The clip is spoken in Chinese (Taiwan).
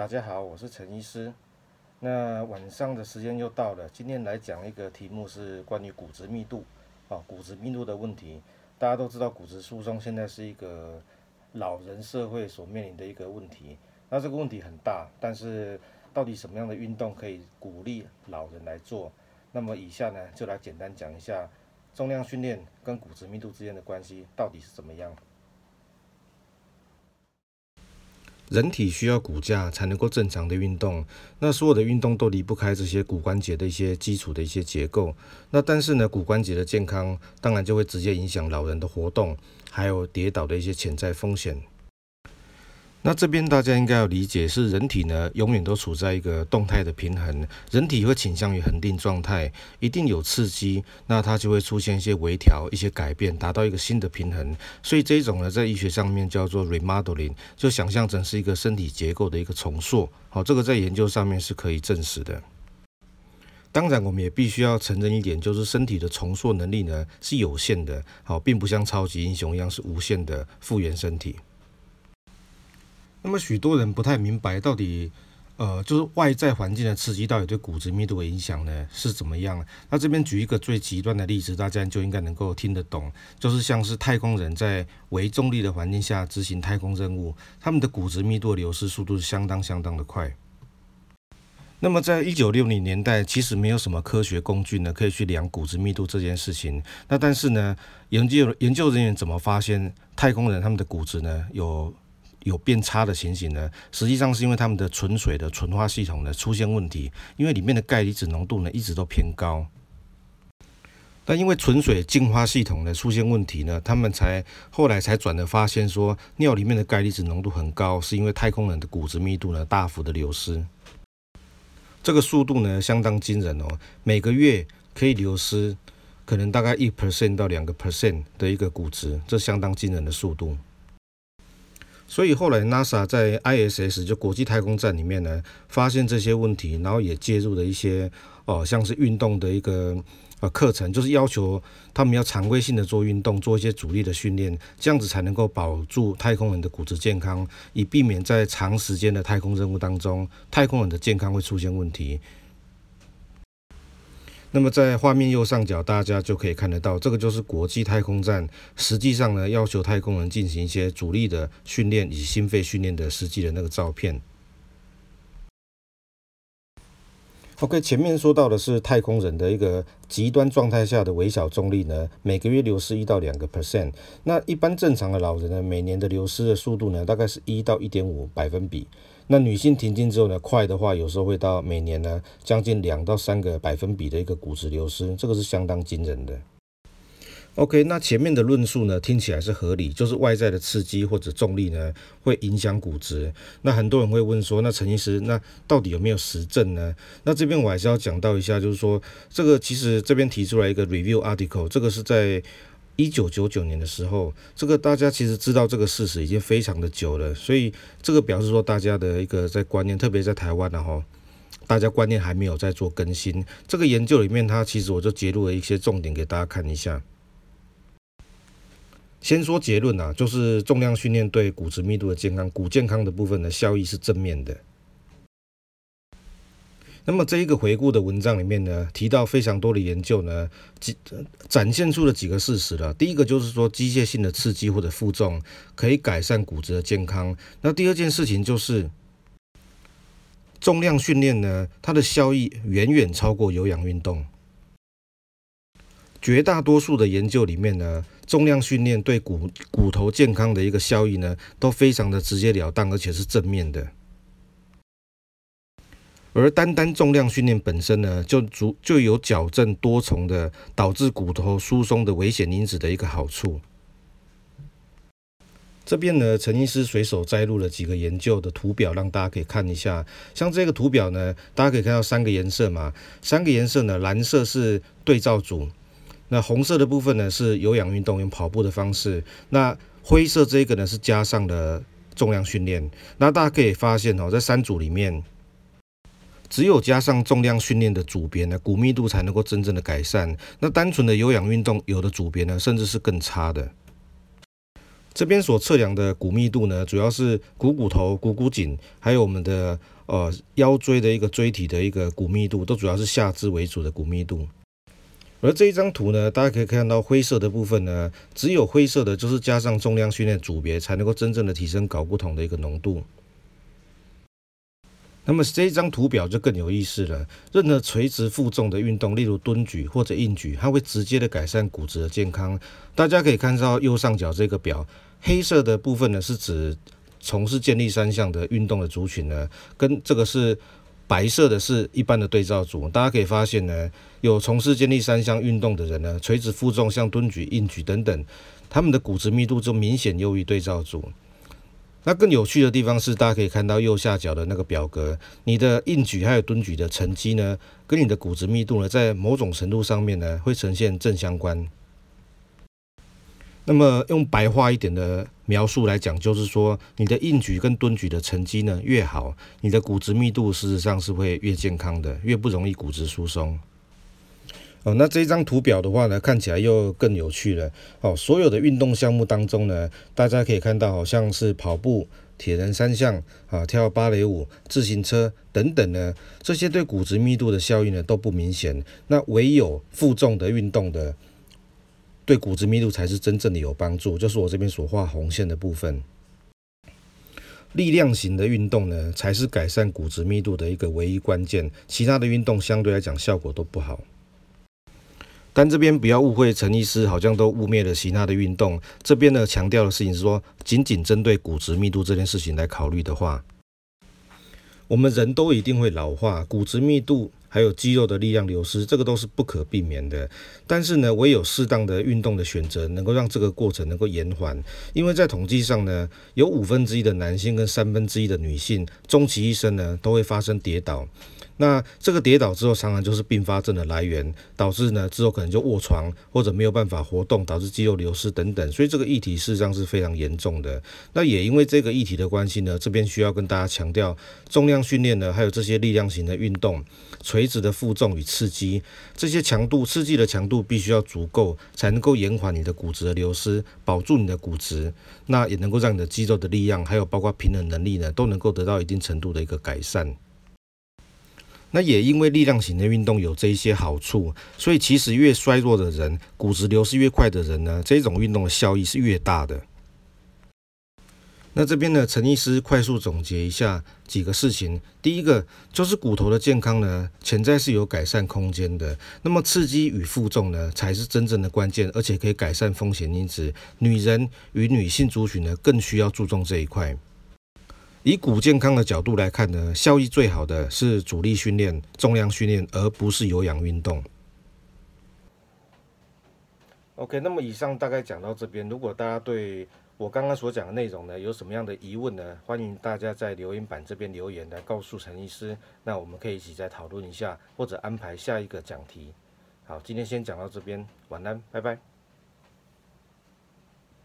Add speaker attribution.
Speaker 1: 大家好，我是陳醫師。那晚上的時間又到了，今天來講一個題目是關於骨質密度，啊，骨質密度的問題。大家都知道，骨質疏鬆現在是一個老人社會所面臨的一個問題。那這個問題很大，但是到底什麼樣的運動可以鼓勵老人來做？那麼以下呢，就來簡單講一下重量訓練跟骨質密度之間的關係到底是怎麼樣。人體需要骨架才能夠正常的運動，那所有的運動都離不開這些骨關節的一些基礎的一些結構。那但是呢，骨關節的健康當然就會直接影響老人的活動，還有跌倒的一些潛在風險。那這邊大家應該要理解，是人體呢永遠都處在一個動態的平衡，人體會傾向於恆定狀態，一定有刺激，那它就會出現一些微調、一些改變，達到一個新的平衡。所以這種呢，在醫學上面叫做 remodeling，就想象成是一個身體結構的一個重塑。好，這個在研究上面是可以證實的。當然，我們也必須要承認一點，就是身體的重塑能力呢是有限的。好，並不像超級英雄一樣是無限的復原身體。那麼許多人不太明白，到底，呃，就是外在環境的刺激到底對骨質密度的影響呢是怎麼樣？那這邊舉一個最極端的例子，大家就應該能夠聽得懂，就是像是太空人在微重力的環境下執行太空任務，他們的骨質密度的流失速度是相當相當的快。那麼在一九六零年代，其實沒有什麼科學工具呢可以去量骨質密度這件事情。那但是呢，研究研究人員怎麼發現太空人他們的骨質呢有？有變差的情形呢，實際上是因為他們的純水的純化系統呢出現問題，因為裡面的鈣離子濃度呢一直都偏高。但因為純水淨化系統呢出現問題呢，他們才後來才轉的發現說，尿裡面的鈣離子濃度很高，是因為太空人的骨質密度呢大幅的流失。這個速度呢相當驚人哦、喔，每個月可以流失可能大概一 percent 到兩個 percent 的一個骨質，這相當驚人的速度。所以後來 NASA 在 ISS 就國際太空站裡面呢，發現這些問題，然後也介入了一些哦，像是運動的一個呃課程，就是要求他們要常規性的做運動，做一些阻力的訓練，這樣子才能夠保住太空人的骨質健康，以避免在長時間的太空任務當中，太空人的健康會出現問題。那麼在畫面右上角，大家就可以看得到，這個就是國際太空站，實際上呢，要求太空人進行一些阻力的訓練以及心肺訓練的實際的那個照片。OK，前面說到的是太空人的一個極端狀態下的微小重力呢，每個月流失一到兩個 percent。那一般正常的老人呢，每年的流失的速度呢，大概是一到一點五百分比。那女性停經之後呢，快的話有時候會到每年呢將近兩到三個百分比的一個骨質流失，這個是相當驚人的。OK，那前面的論述呢聽起來是合理，就是外在的刺激或者重力呢會影響骨質。那很多人會問說，那陳醫師那到底有沒有實證呢？那這邊我還是要講到一下，就是說這個其實這邊提出來一個 review article，這個是在。一九九九年的時候，這個大家其實知道這個事實已經非常的久了，所以這個表示說大家的一個在觀念，特別在台灣的話，大家觀念還沒有在做更新。這個研究裡面，它其實我就揭露了一些重點給大家看一下。先說結論吶、啊，就是重量訓練對骨質密度的健康，骨健康的部分的效益是正面的。那麼這一個回顧的文章裡面呢，提到非常多的研究呢，幾展現出了幾個事實了。第一個就是說，機械性的刺激或者負重可以改善骨質的健康。那第二件事情就是，重量訓練呢，它的效益遠遠超過有氧運動。絕大多數的研究裡面呢，重量訓練對骨骨頭健康的一個效益呢，都非常的直截了當，而且是正面的。而單單重量訓練本身呢，就足就有矯正多重的導致骨頭疏鬆的危險因子的一個好處。這邊呢，陳醫師隨手摘錄了幾個研究的圖表，讓大家可以看一下。像這個圖表呢，大家可以看到三個顏色嘛，三個顏色呢，藍色是對照組，那紅色的部分呢是有氧運動員跑步的方式，那灰色這個呢是加上了重量訓練。那大家可以發現哦，在三組裡面。只有加上重量訓練的組別呢，骨密度才能夠真正的改善。那單純的有氧運動，有的組別呢，甚至是更差的。這邊所測量的骨密度呢，主要是股骨頭、股骨頸，還有我們的呃腰椎的一個椎體的一個骨密度，都主要是下肢為主的骨密度。而這一張圖呢，大家可以看到灰色的部分呢，只有灰色的，就是加上重量訓練組別才能夠真正的提升睾固酮的一個濃度。那麼這張圖表就更有意思了。任何垂直負重的運動，例如蹲舉或者硬舉，它會直接的改善骨質的健康。大家可以看到右上角這個表，黑色的部分呢，是指從事健力三項的運動的族群呢，跟這個是白色的是一般的對照組。大家可以發現呢，有從事健力三項運動的人呢，垂直負重像蹲舉、硬舉等等，他們的骨質密度就明顯優於對照組。那更有趣的地方是，大家可以看到右下角的那個表格，你的硬舉還有蹲舉的成績呢，跟你的骨質密度呢，在某種程度上面呢，會呈現正相關。那麼用白話一點的描述來講，就是說，你的硬舉跟蹲舉的成績呢越好，你的骨質密度事實上是會越健康的，越不容易骨質疏鬆。哦，那這張圖表的話呢，看起來又更有趣了。哦，所有的運動項目當中呢，大家可以看到，好像是跑步、鐵人三項啊、跳芭蕾舞、自行車等等呢，這些對骨質密度的效應呢都不明顯。那唯有負重的運動的，對骨質密度才是真正的有幫助，就是我這邊所畫紅線的部分。力量型的運動呢，才是改善骨質密度的一個唯一關鍵，其他的運動相對來講效果都不好。但這邊不要誤會，陳醫師好像都污衊了其他的運動。這邊呢，強調的事情是說，僅僅針對骨質密度這件事情來考慮的話，我們人都一定會老化，骨質密度還有肌肉的力量流失，這個都是不可避免的。但是呢，唯有適當的運動的選擇，能夠讓這個過程能夠延緩。因為在統計上呢，有五分之一的男性跟三分之一的女性，終其一生呢，都會發生跌倒。那這個跌倒之後，常常就是併發症的來源，導致呢之後可能就臥床或者沒有辦法活動，導致肌肉流失等等。所以這個議題事實上是非常嚴重的。那也因為這個議題的關係呢，這邊需要跟大家強調，重量訓練呢，還有這些力量型的運動，垂直的負重與刺激，這些強度刺激的強度必須要足夠，才能夠延緩你的骨質的流失，保住你的骨質，那也能夠讓你的肌肉的力量，還有包括平衡能力呢，都能夠得到一定程度的一個改善。那也因為力量型的運動有這一些好處，所以其實越衰弱的人，骨質流失越快的人呢，這種運動的效益是越大的。那這邊呢，陳醫師快速總結一下幾個事情。第一個就是骨頭的健康呢，潛在是有改善空間的。那麼刺激與負重呢，才是真正的關鍵，而且可以改善風險因子。女人與女性族群呢，更需要注重這一塊。以骨健康的角度來看呢，效益最好的是阻力訓練、重量訓練，而不是有氧運動。OK，那麼以上大概講到這邊。如果大家對我剛剛所講的內容呢，有什麼樣的疑問呢？歡迎大家在留言板這邊留言來告訴陳醫師，那我們可以一起再討論一下，或者安排下一個講題。好，今天先講到這邊，晚安，拜拜。